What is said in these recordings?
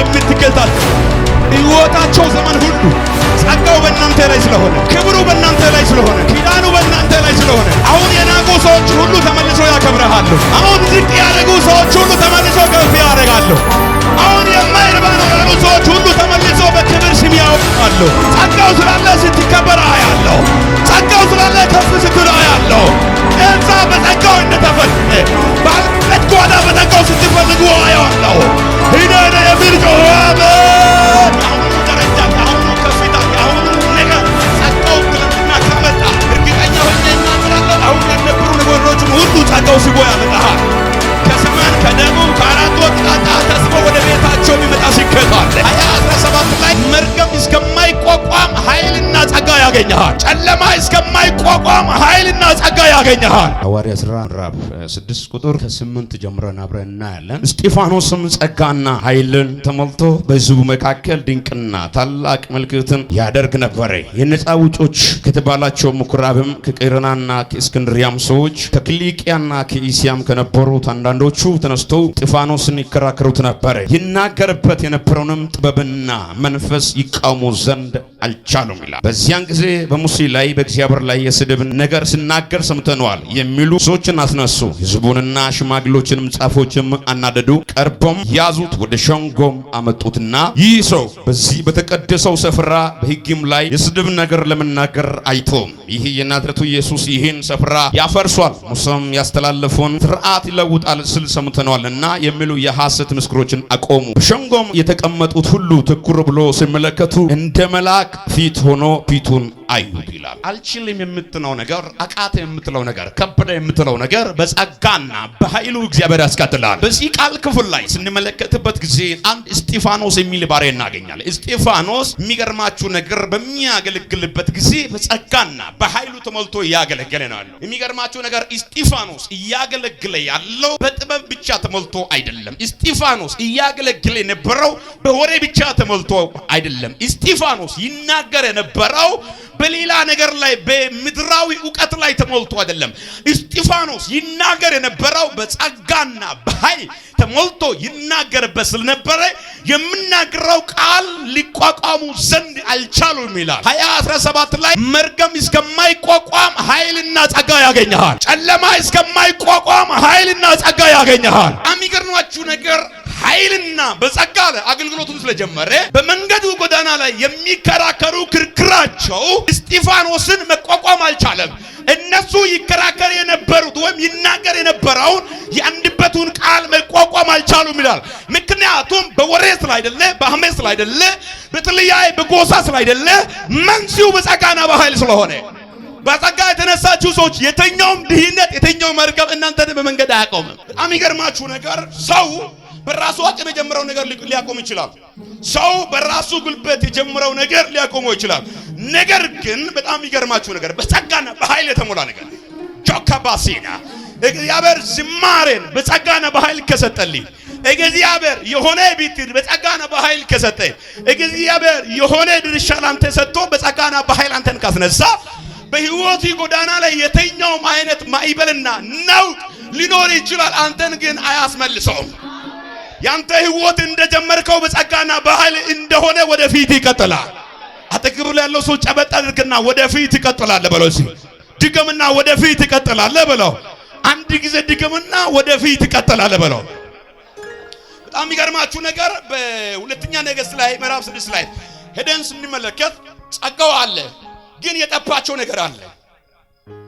የምትገልጣል ይወጣቸው ዘመን ሁሉ ጸጋው በእናንተ ላይ ስለሆነ፣ ክብሩ በእናንተ ላይ ስለሆነ፣ ኪዳኑ በእናንተ ላይ ስለሆነ አሁን የናቁ ሰዎች ሁሉ ተመልሰው ያከብረሃለሁ። አሁን ዝቅ ያደረጉ ሰዎች ሁሉ ተመልሰው ከፍ ያደረጋለሁ። አሁን የማይ የመጡ ሰዎች ሁሉ ተመልሰው በክብር ስም ያውቃሉ። ጸጋው ስላለ ስትከበር አያለሁ። ጸጋው ስላለ ከፍ ስትል አያለሁ። እዛ በጸጋው እንደተፈልግ ባልበት ጓዳ በጸጋው ስትፈልጉ አያለሁ። ሂደነ የሚል ጮኸ ይሆንልሃል ሐዋርያ ሥራ ስድስት ቁጥር ከስምንት ጀምረን አብረን እናያለን። እስጢፋኖስም ጸጋና ኃይልን ተሞልቶ በሕዝቡ መካከል ድንቅና ታላቅ ምልክትን ያደርግ ነበረ። የነፃ ውጮች ከተባላቸው ምኩራብም ከቄረናና ከእስክንድሪያም ሰዎች ከክሊቅያና ከኢስያም ከነበሩት አንዳንዶቹ ተነስተው እስጢፋኖስን ይከራከሩት ነበረ። ይናገርበት የነበረውንም ጥበብና መንፈስ ይቃውሙ ዘንድ አልቻሉም ይላል። በዚያን ጊዜ በሙሴ ላይ በእግዚአብሔር ላይ የስድብን ነገር ሲናገር ሰምተነዋል የሚሉ ሰዎችን አስነሱ። ህዝቡንና ሽማግሎችንም ጻፎችም አናደዱ። ቀርቦም ያዙት፣ ወደ ሸንጎም አመጡትና ይህ ሰው በዚህ በተቀደሰው ስፍራ በሕግም ላይ የስድብ ነገር ለመናገር አይቶም። ይህ የናዝረቱ ኢየሱስ ይህን ስፍራ ያፈርሷል፣ ሙሴም ያስተላለፈውን ሥርዓት ይለውጣል ስል ሰምተነዋልና የሚሉ የሐሰት ምስክሮችን አቆሙ። በሸንጎም የተቀመጡት ሁሉ ትኩር ብሎ ሲመለከቱ እንደ መልአክ ፊት ሆኖ ፊቱን አይሁድ ይላል። አልችልም የምትለው ነገር፣ አቃተ የምትለው ነገር፣ ከበደ የምትለው ነገር በጸጋና በኃይሉ እግዚአብሔር ያስቀጥላል። በዚህ ቃል ክፍል ላይ ስንመለከትበት ጊዜ አንድ እስጢፋኖስ የሚል ባሪያ እናገኛለን። እስጢፋኖስ የሚገርማችሁ ነገር በሚያገለግልበት ጊዜ በጸጋና በኃይሉ ተሞልቶ እያገለገለ ነው ያለው። የሚገርማችሁ ነገር እስጢፋኖስ እያገለግለ ያለው በጥበብ ብቻ ተሞልቶ አይደለም። እስጢፋኖስ እያገለግለ የነበረው በወሬ ብቻ ተሞልቶ አይደለም። እስጢፋኖስ ይናገር የነበረው በሌላ ነገር ላይ በምድራዊ እውቀት ላይ ተሞልቶ አይደለም። እስጢፋኖስ ይናገር የነበረው በጸጋና በኃይል ተሞልቶ ይናገርበት ስለነበረ የምናገረው ቃል ሊቋቋሙ ዘንድ አልቻሉም ይላል። ሀያ አስራ ሰባት ላይ መርገም እስከማይቋቋም ኃይልና ጸጋ ያገኘሃል። ጨለማ እስከማይቋቋም ኃይልና ጸጋ ያገኘሃል። የሚገርማችሁ ነገር ኃይል በልመና በጸጋ አገልግሎቱን ስለጀመረ በመንገዱ ጎዳና ላይ የሚከራከሩ ክርክራቸው እስጢፋኖስን መቋቋም አልቻለም። እነሱ ይከራከር የነበሩት ወይም ይናገር የነበረውን የአንድበቱን ቃል መቋቋም አልቻሉም ይላል። ምክንያቱም በወሬ ስላይደለ፣ በአመት ስላይደለ፣ በትልያይ በጎሳ ስላይደለ መንስው በጸጋና በኃይል ስለሆነ በጸጋ የተነሳችሁ ሰዎች የተኛውም ድህነት የተኛውም መርገም እናንተን በመንገድ አያቆምም። በጣም ይገርማችሁ ነገር ሰው በራሱ አቅም የጀመረው ነገር ሊያቆም ይችላል። ሰው በራሱ ጉልበት የጀመረው ነገር ሊያቆመው ይችላል። ነገር ግን በጣም የሚገርማችሁ ነገር በጸጋና በኃይል የተሞላ ነገር ጆካባሲና እግዚአብሔር ዝማሬን በጸጋና በኃይል ከሰጠልኝ እግዚአብሔር የሆነ ቢትድ በጸጋና በኃይል ከሰጠ እግዚአብሔር የሆነ ድርሻ ላንተ ሰጥቶ በጸጋና በኃይል አንተን ካስነሳ በህይወት ጎዳና ላይ የተኛውም አይነት ማይበልና ነውጥ ሊኖር ይችላል። አንተን ግን አያስመልሰውም። ያንተ ህይወት እንደጀመርከው በጸጋና በኃይል እንደሆነ ወደፊት ይቀጥላል። አጠገብ ያለው ሰው ጨበጥ አድርግና ወደፊት ይቀጥላል በለው። እሺ ድገምና ወደፊት ይቀጥላል በለው። አንድ ጊዜ ድገምና ወደፊት ይቀጥላል በለው። በጣም የሚገርማችሁ ነገር በሁለተኛ ነገሥት ላይ ምዕራፍ ስድስት ላይ ሄደን ስንመለከት ጸጋው አለ፣ ግን የጠፋቸው ነገር አለ።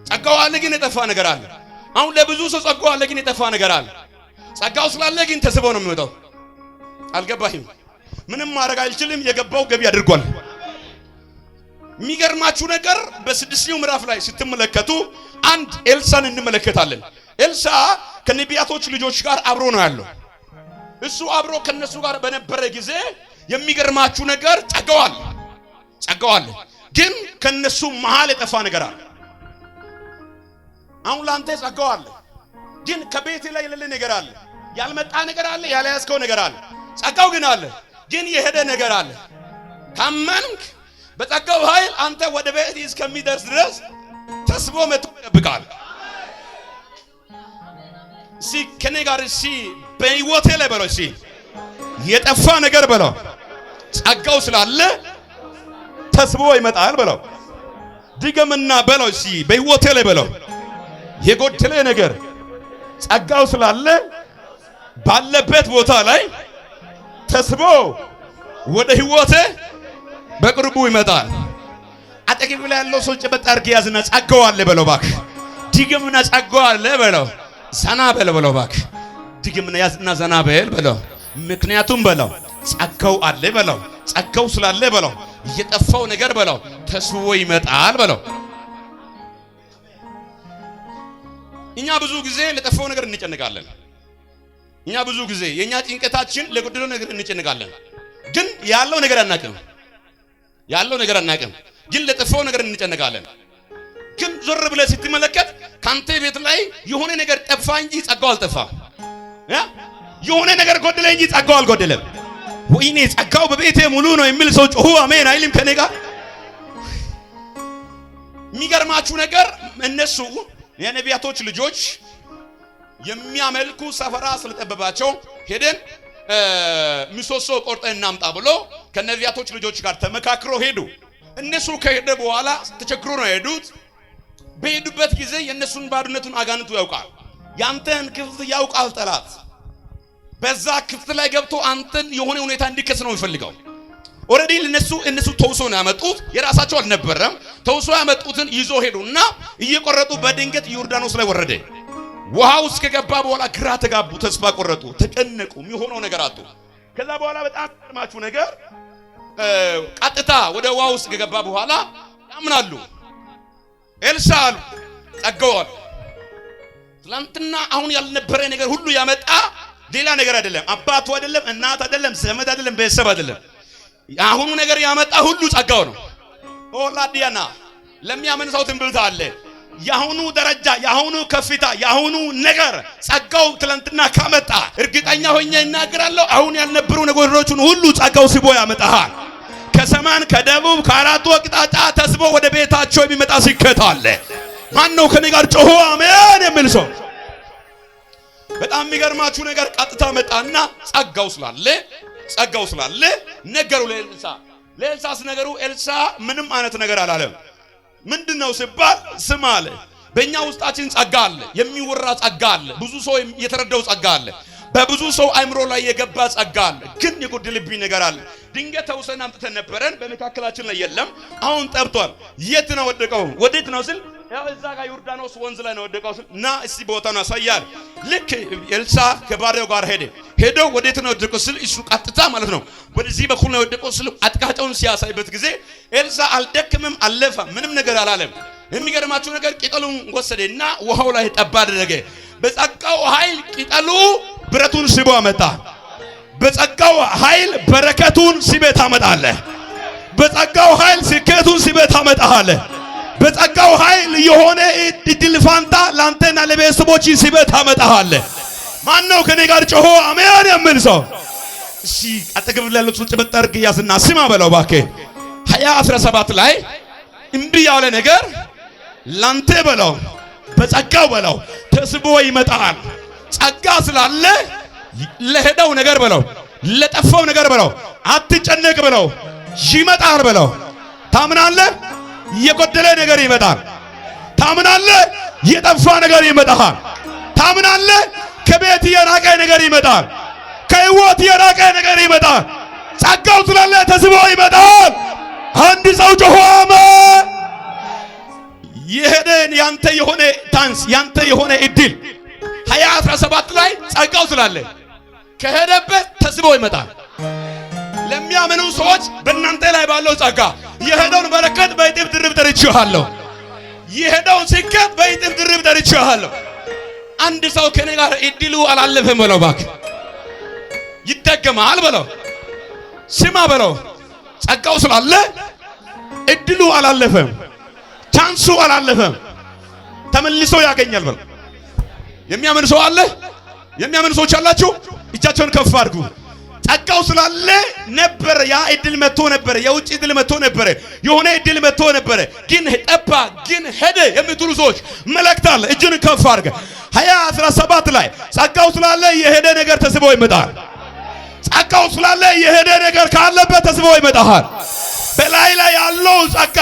ጸጋው አለ፣ ግን የጠፋ ነገር አለ። አሁን ለብዙ ሰው ጸጋው አለ፣ ግን የጠፋ ነገር አለ። ጸጋው ስላለ ግን ተስቦ ነው የሚወጣው። አልገባህም? ምንም ማድረግ አልችልም። የገባው ገቢ አድርጓል። የሚገርማችሁ ነገር በስድስተኛው ምዕራፍ ላይ ስትመለከቱ አንድ ኤልሳን እንመለከታለን። ኤልሳ ከነቢያቶች ልጆች ጋር አብሮ ነው ያለው። እሱ አብሮ ከነሱ ጋር በነበረ ጊዜ የሚገርማችሁ ነገር ጸጋዋል ጸጋዋል፣ ግን ከነሱ መሃል የጠፋ ነገር አለ። አሁን ላንተ ጸጋዋል፣ ግን ከቤት ላይ የሌለ ነገር አለ። ያልመጣ ነገር አለ፣ ያልያዝከው ነገር አለ። ጸጋው ግን አለ፣ ግን የሄደ ነገር አለ። ታመንክ በጸጋው ኃይል አንተ ወደ ቤት እስከሚደርስ ድረስ ተስቦ መጥቶ ይጠብቃል። እሺ ከኔ ጋር እሺ፣ በህይወቴ ላይ በለው እሺ፣ የጠፋ ነገር በለው፣ ጸጋው ስላለ ተስቦ ይመጣል በለው። ድገምና በለው እሺ፣ በህይወቴ ላይ በለው፣ የጎደለ ነገር ጸጋው ስላለ ባለበት ቦታ ላይ ተስቦ ወደ ህይወት በቅርቡ ይመጣል። አጠገብ ላይ ያለው ሰው ጨበጥ አድርግ ያዝና ጸጋው አለ በለው እባክህ። ድግምና ጸጋው አለ በለው። ዘና በል በለው እባክህ። ድግምና ያዝና ዘና በል በለው። ምክንያቱም በለው ጸጋው አለ በለው። ጸጋው ስላለ በለው እየጠፋው ነገር በለው ተስቦ ይመጣል በለው። እኛ ብዙ ጊዜ ለጠፋው ነገር እንጨነቃለን። እኛ ብዙ ጊዜ የኛ ጭንቀታችን ለጎደለው ነገር እንጨንቃለን፣ ግን ያለው ነገር አናቅም። ያለው ነገር አናቅም፣ ግን ለጠፋው ነገር እንጨነቃለን። ግን ዞር ብለህ ስትመለከት ካንተ ቤት ላይ የሆነ ነገር ጠፋ እንጂ ጸጋው አልጠፋም። የሆነ ነገር ጎደለ እንጂ ጸጋው አልጎደለም። ወይኔ ጸጋው በቤቴ ሙሉ ነው የሚል ሰው ጮሁ አሜን አይልም? ከኔ ጋር የሚገርማችሁ ነገር እነሱ የነቢያቶች ልጆች የሚያመልኩ ሰፈራ ስለጠበባቸው ሄደን ምሰሶ ቆርጠን እናምጣ ብሎ ከነቢያቶች ልጆች ጋር ተመካክሮ ሄዱ። እነሱ ከሄደ በኋላ ተቸግሮ ነው የሄዱት። በሄዱበት ጊዜ የእነሱን ባዶነቱን አጋንንቱ ያውቃል። ያንተን ክፍት ያውቃል ጠላት። በዛ ክፍት ላይ ገብቶ አንተን የሆነ ሁኔታ እንዲከስ ነው የሚፈልገው። ኦልሬዲ ለነሱ እነሱ ተውሶ ነው ያመጡት፣ የራሳቸው አልነበረም። ተውሶ ያመጡትን ይዞ ሄዱና እየቆረጡ በድንገት ዮርዳኖስ ላይ ወረደ። ውሃ ውስጥ ከገባ በኋላ ግራ ተጋቡ፣ ተስፋ ቆረጡ፣ ተጨነቁ፣ የሚሆነው ነገር አጡ። ከዛ በኋላ በጣም ቀድማችሁ ነገር ቀጥታ ወደ ውሃ ውስጥ ከገባ በኋላ ያምናሉ። ኤልሳ አሉ ጠገዋል። ትላንትና አሁን ያልነበረ ነገር ሁሉ ያመጣ ሌላ ነገር አይደለም፣ አባቱ አይደለም፣ እናት አይደለም፣ ዘመድ አይደለም፣ ቤተሰብ አይደለም። አሁኑ ነገር ያመጣ ሁሉ ጸጋው ነው። ኦላዲያና ለሚያመን ሰው ትንብልታ አለ። የአሁኑ ደረጃ የአሁኑ ከፍታ የአሁኑ ነገር ጸጋው ትላንትና ካመጣ እርግጠኛ ሆኜ ይናገራለሁ። አሁን ያልነበሩ ነገሮችን ሁሉ ጸጋው ስቦ ያመጣሃል። ከሰማን ከደቡብ ከአራቱ አቅጣጫ ተስቦ ወደ ቤታቸው የሚመጣ ስኬት አለ። ማን ነው ከኔ ጋር ጮሆ አሜን የሚል ሰው? በጣም የሚገርማችሁ ነገር ቀጥታ መጣና ጸጋው ስላለ ጸጋው ስላለ ነገሩ ለኤልሳ ለኤልሳስ ነገሩ ኤልሳ ምንም አይነት ነገር አላለም። ምንድን ነው ሲባል ስም አለ። በእኛ ውስጣችን ጸጋ አለ፣ የሚወራ ጸጋ አለ፣ ብዙ ሰው የተረዳው ጸጋ አለ፣ በብዙ ሰው አይምሮ ላይ የገባ ጸጋ አለ። ግን የጎደለብኝ ነገር አለ። ድንገት ተውሰን አምጥተን ነበረን፣ በመካከላችን ላይ የለም። አሁን ጠብቷል። የት ነው ወደቀው? ወዴት ነው ስል ያው እዛ ጋር ዮርዳኖስ ወንዝ ላይ ነው ወደቀው። ና እስቲ ቦታውን አሳያል። ልክ ኤልሳ ከባሪያው ጋር ሄደ። ሄዶ ወዴት ነው ወደቀው ስል እሱ ቀጥታ ማለት ነው ወደዚህ በኩል ነው ወደቀው ስል አጥቃጫውን ሲያሳይበት ጊዜ ኤልሳ አልደክምም፣ አለፋ ምንም ነገር አላለም። የሚገርማችሁ ነገር ቅጠሉን ወሰደና ውሃው ላይ ጠባ አደረገ። በጸጋው ኃይል ቅጠሉ ብረቱን ስቦ አመጣ። በጸጋው ኃይል በረከቱን ስቤት አመጣለ። በጸጋው ኃይል ስኬቱን ስቤት አመጣለ። በጸጋው ኃይል የሆነ እድል ፋንታ ላንተና ለቤተሰቦች ሲበት አመጣሃለ። ማን ነው ከኔ ጋር ጮሆ አሜን የሚል ሰው? እሺ አጠገብ ላሉት ውጭ በጠርግ ያዝና ስማ በለው እባክህ። ሀያ አስራ ሰባት ላይ እምቢ ያለ ነገር ላንተ በለው በጸጋው በለው ተስቦ ይመጣል። ጸጋ ስላለ ለሄደው ነገር በለው ለጠፋው ነገር በለው አትጨነቅ በለው ይመጣል በለው ታምናለህ የጎደለ ነገር ይመጣል። ታምናለህ? የጠፋ ነገር ይመጣል። ታምናለህ? ከቤት የራቀ ነገር ይመጣል። ከህይወት የራቀ ነገር ይመጣል። ጸጋው ስላለ ተስቦ ይመጣል። አንድ ሰው ጮኸማ የሄደን ያንተ የሆነ ታንስ ያንተ የሆነ እድል ሀያ አስራ ሰባት ላይ ጸጋው ስላለ ከሄደበት ተስቦ ይመጣል። ለሚያምኑ ሰዎች በእናንተ ላይ ባለው ጸጋ የሄደውን በረከት በእጥፍ ድርብ ጠርቼዋለሁ። የሄደውን ስኬት በእጥፍ ድርብ ጠርቼዋለሁ። አንድ ሰው ከኔ ጋር እድሉ አላለፈም በለው እባክህ፣ ይደገማል በለው፣ ስማ በለው። ጸጋው ስላለ እድሉ አላለፈም፣ ቻንሱ አላለፈም፣ ተመልሶ ያገኛል በለው። የሚያምን ሰው አለ? የሚያምን ሰዎች አላችሁ? እጃቸውን ከፍ አድርጉ። ጸጋው ስላለ ነበረ። ያ እድል መጥቶ ነበረ። የውጭ እድል መጥቶ ነበረ። የሆነ እድል መጥቶ ነበረ፣ ግን ጠባ፣ ግን ሄደ የምትሉ ሰዎች መልእክት አለ። እጅን ከፍ አድርገ ሀያ አስራ ሰባት ላይ ጸጋው ስላለ የሄደ ነገር ተስቦ ይመጣል። ጸጋው ስላለ የሄደ ነገር ካለበት ተስቦ ይመጣል። በላይ ላይ ያለው ጸጋ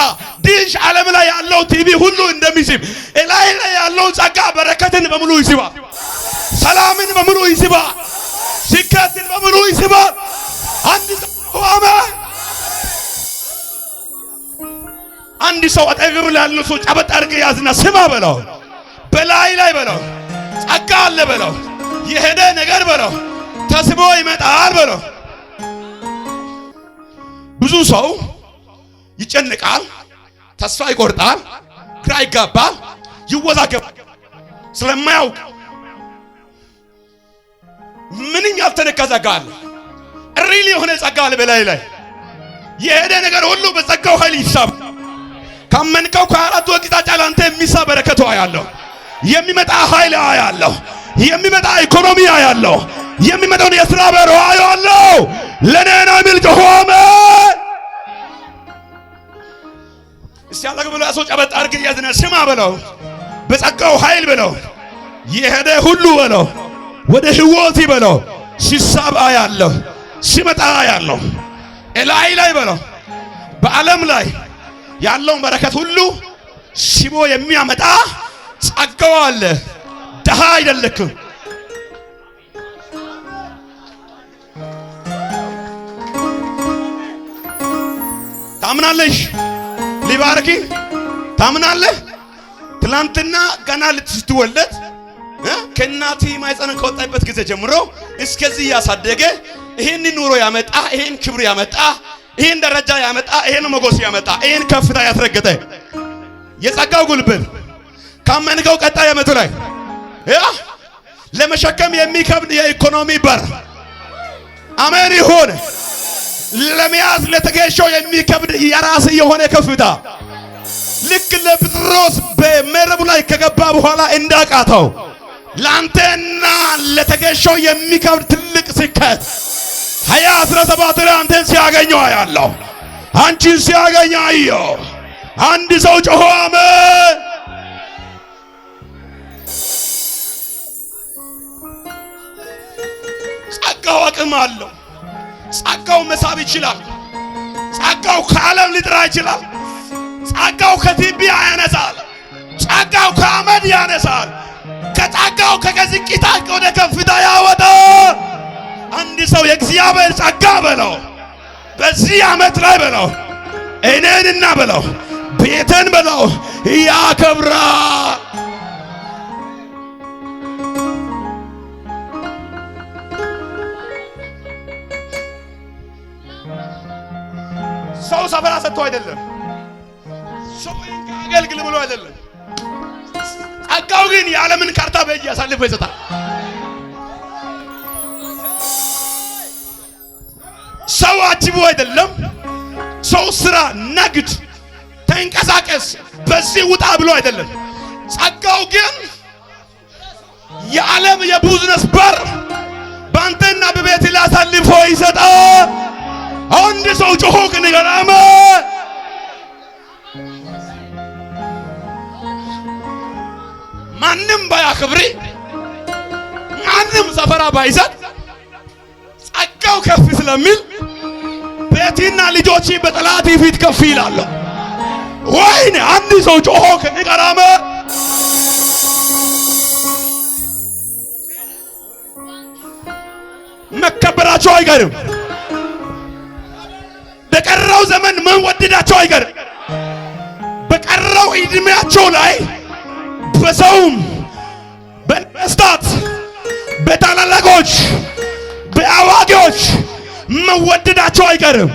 ዲሽ ዓለም ላይ ያለው ቲቪ ሁሉ እንደሚስብ እላይ ላይ ያለው ጸጋ በረከትን በሙሉ ይስባል። ሰላምን በሙሉ ይስባል። አስባ አንድ ሰው ቆመ። አንድ ሰው አጠገብ ላለ ሰው ጨበጥ አድርገህ ያዝና ስማ በለው፣ በላይ ላይ በለው፣ ጸጋ አለ በለው፣ የሄደ ነገር በለው፣ ተስቦ ይመጣል በለው። ብዙ ሰው ይጨንቃል፣ ተስፋ ይቆርጣል፣ ግራ ይጋባል፣ ይወዛገባል ስለማያውቅ ምንኛ ያልተነካ ጸጋ አለ ሪል የሆነ ጸጋ አለ። በላይ ላይ የሄደ ነገር ሁሉ በጸጋው ኃይል ይሳብ። ካመንከው ከአራቱ አቅጣጫ ላንተ የሚሳ በረከቱ አያለሁ። የሚመጣ ኃይል አያለሁ። የሚመጣ ኢኮኖሚ አያለሁ። የሚመጣውን የስራ በር አያለሁ። ለኔ ነው የሚል እስቲ ሲያለቅ ብሎ ሰው ጨበጥ አርግ እያዝነ ስማ በለው በጸጋው ኃይል በለው የሄደ ሁሉ በለው ወደ ህይወት በለው ሲሳብ አያለሁ። ሲመጣ ያለው እላይ ላይ በለው በዓለም ላይ ያለውን በረከት ሁሉ ሲቦ የሚያመጣ ጸጋው አለ። ድሃ አይደለክም። ታምናለሽ? ሊባርኪ ታምናለህ? ትላንትና ገና ስትወለድ ከእናትህ ማኅፀን ከወጣበት ጊዜ ጀምሮ እስከዚህ ያሳደገ ይህን ኑሮ ያመጣ፣ ይህን ክብር ያመጣ፣ ይህን ደረጃ ያመጣ፣ ይህን መጎስ ያመጣ፣ ይህን ከፍታ ያስረገጠ የጸጋው ጉልበት ካመንከው ቀጣይ ዓመቱ ላይ ለመሸከም የሚከብድ የኢኮኖሚ በር አሜን ይሁን። ለመያዝ ለተገሾ የሚከብድ የራስ የሆነ ከፍታ ልክ ለጴጥሮስ በመረቡ ላይ ከገባ በኋላ እንዳቃተው ለአንተና ለተገሾ የሚከብድ ትልቅ ስከት ሀያ አስራ ሰባት ላይ አንተን ሲያገኘው አያለሁ፣ አንቺን ሲያገኝ አየሁ። አንድ ሰው ጮሆ አሜን። ጸጋው አቅም አለው። ጸጋው መሳብ ይችላል። ጸጋው ከዓለም ሊጥራ ይችላል። ጸጋው ከቲቢ ያነሳል። ጸጋው ከአመድ ያነሳል። ከጸጋው ከዝቅታ ወደ ከፍታ ያወጣል። አንድ ሰው የእግዚአብሔር ጸጋ በለው በዚህ ዓመት ላይ በለው እኔንና በለው ቤተን በለው ያከብራ ሰው ሰፈራ ሰጥቶ አይደለም፣ ሰው አገልግል ብሎ አይደለም። ጸጋው ግን የዓለምን ካርታ በእጅ ያሳልፎ ይሰጣል። ሰው አይደለም። ሰው ስራ፣ ነግድ፣ ተንቀሳቀስ፣ በዚህ ውጣ ብሎ አይደለም። ጸጋው ግን የዓለም የቢዝነስ በር በአንተና በቤት ላሳልፎ ይሰጣ። አንድ ሰው ጮሆ ክንገራመ ማንም ባያክብሪ ማንም ሰፈራ ባይዘት ጸጋው ከፍ ስለሚል ቤቴና ልጆቼ በጠላት ፊት ከፍ ይላሉ። ወይኔ አንድ ሰው ጮሆ ከቀራመ መከበራቸው አይቀርም። በቀረው ዘመን መወደዳቸው አይቀርም። በቀረው እድሜያቸው ላይ በሰውም በነገስታት በታላላቆች በአዋቂዎች መወደዳቸው አይቀርም፣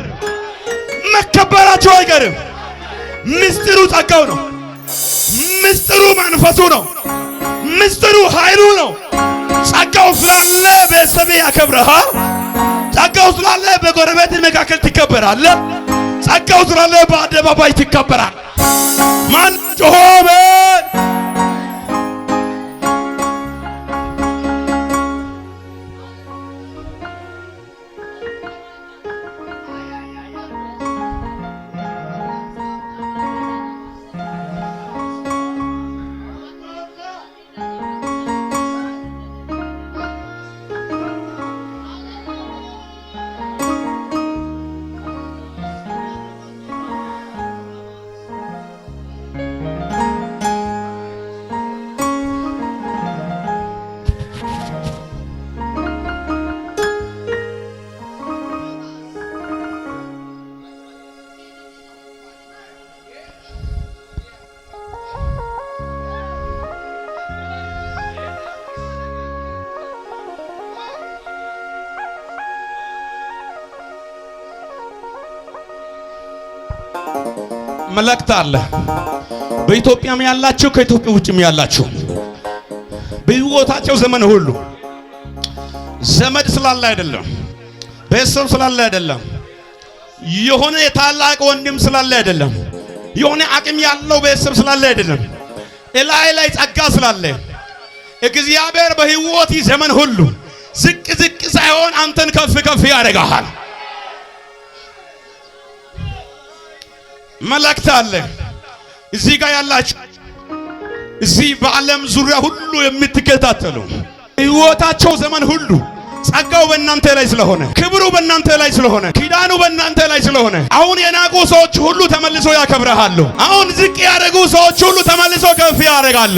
መከበራቸው አይቀርም። ምስጢሩ ጸጋው ነው። ምስጢሩ መንፈሱ ነው። ምስጢሩ ኃይሉ ነው። ጸጋው ስላለ ቤተሰብ ያከብረሃል። ጸጋው ስላለ በጎረቤት መካከል ትከበራለህ። ጸጋው ስላለ በአደባባይ ትከበራል። ማን ጮኸ? መልእክት አለ። በኢትዮጵያም ያላችሁ ከኢትዮጵያ ውጭም ያላችሁ በሕይወታቸው ዘመን ሁሉ ዘመድ ስላለ አይደለም፣ ቤተሰብ ስላለ አይደለም፣ የሆነ የታላቅ ወንድም ስላለ አይደለም፣ የሆነ አቅም ያለው ቤተሰብ ስላለ አይደለም፣ እላይ ላይ ጸጋ ስላለ እግዚአብሔር በሕይወት ዘመን ሁሉ ዝቅ ዝቅ ሳይሆን አንተን ከፍ ከፍ ያደርግሃል። መልእክት አለ። እዚህ ጋር ያላችሁ እዚህ በዓለም ዙሪያ ሁሉ የምትከታተሉ ሕይወታቸው ዘመን ሁሉ ጸጋው በእናንተ ላይ ስለሆነ፣ ክብሩ በእናንተ ላይ ስለሆነ፣ ኪዳኑ በእናንተ ላይ ስለሆነ አሁን የናቁ ሰዎች ሁሉ ተመልሶ ያከብረሃሉ። አሁን ዝቅ ያደረጉ ሰዎች ሁሉ ተመልሶ ከፍ ያደርጋሉ።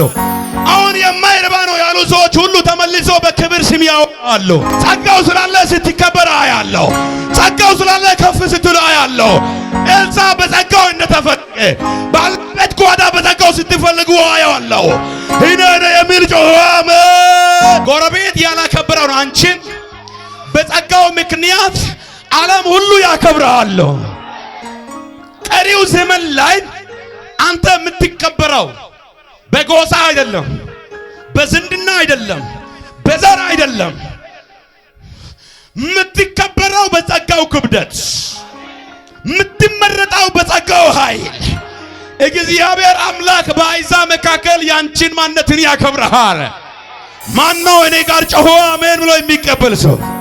አሁን የማይረባ ነው ያሉ ሰዎች ሁሉ ተመልሶ በክብር ስም ያወራሉ። ጸጋው ስላለ ስትከበር አያለሁ። ጸጋው ስላለ ከፍ ስትል አያለሁ። ኤልሳ በጸጋው እንደተፈቀ ባልበት ጓዳ በጸጋው ስትፈልጉ አያለሁ። ይሄ የሚል ጮኸ። ጎረቤት ያላከ አንቺን በጸጋው ምክንያት ዓለም ሁሉ ያከብርሃል። ቀሪው ዘመን ላይ አንተ የምትከበረው በጎሳ አይደለም፣ በዝንድና አይደለም፣ በዘር አይደለም። የምትከበረው በጸጋው ክብደት፣ የምትመረጠው በጸጋው ኃይል። እግዚአብሔር አምላክ በአይዛ መካከል ያንቺን ማንነትን ያከብረሃል። ማን ነው እኔ ጋር ጮሆ አሜን ብሎ የሚቀበል ሰው?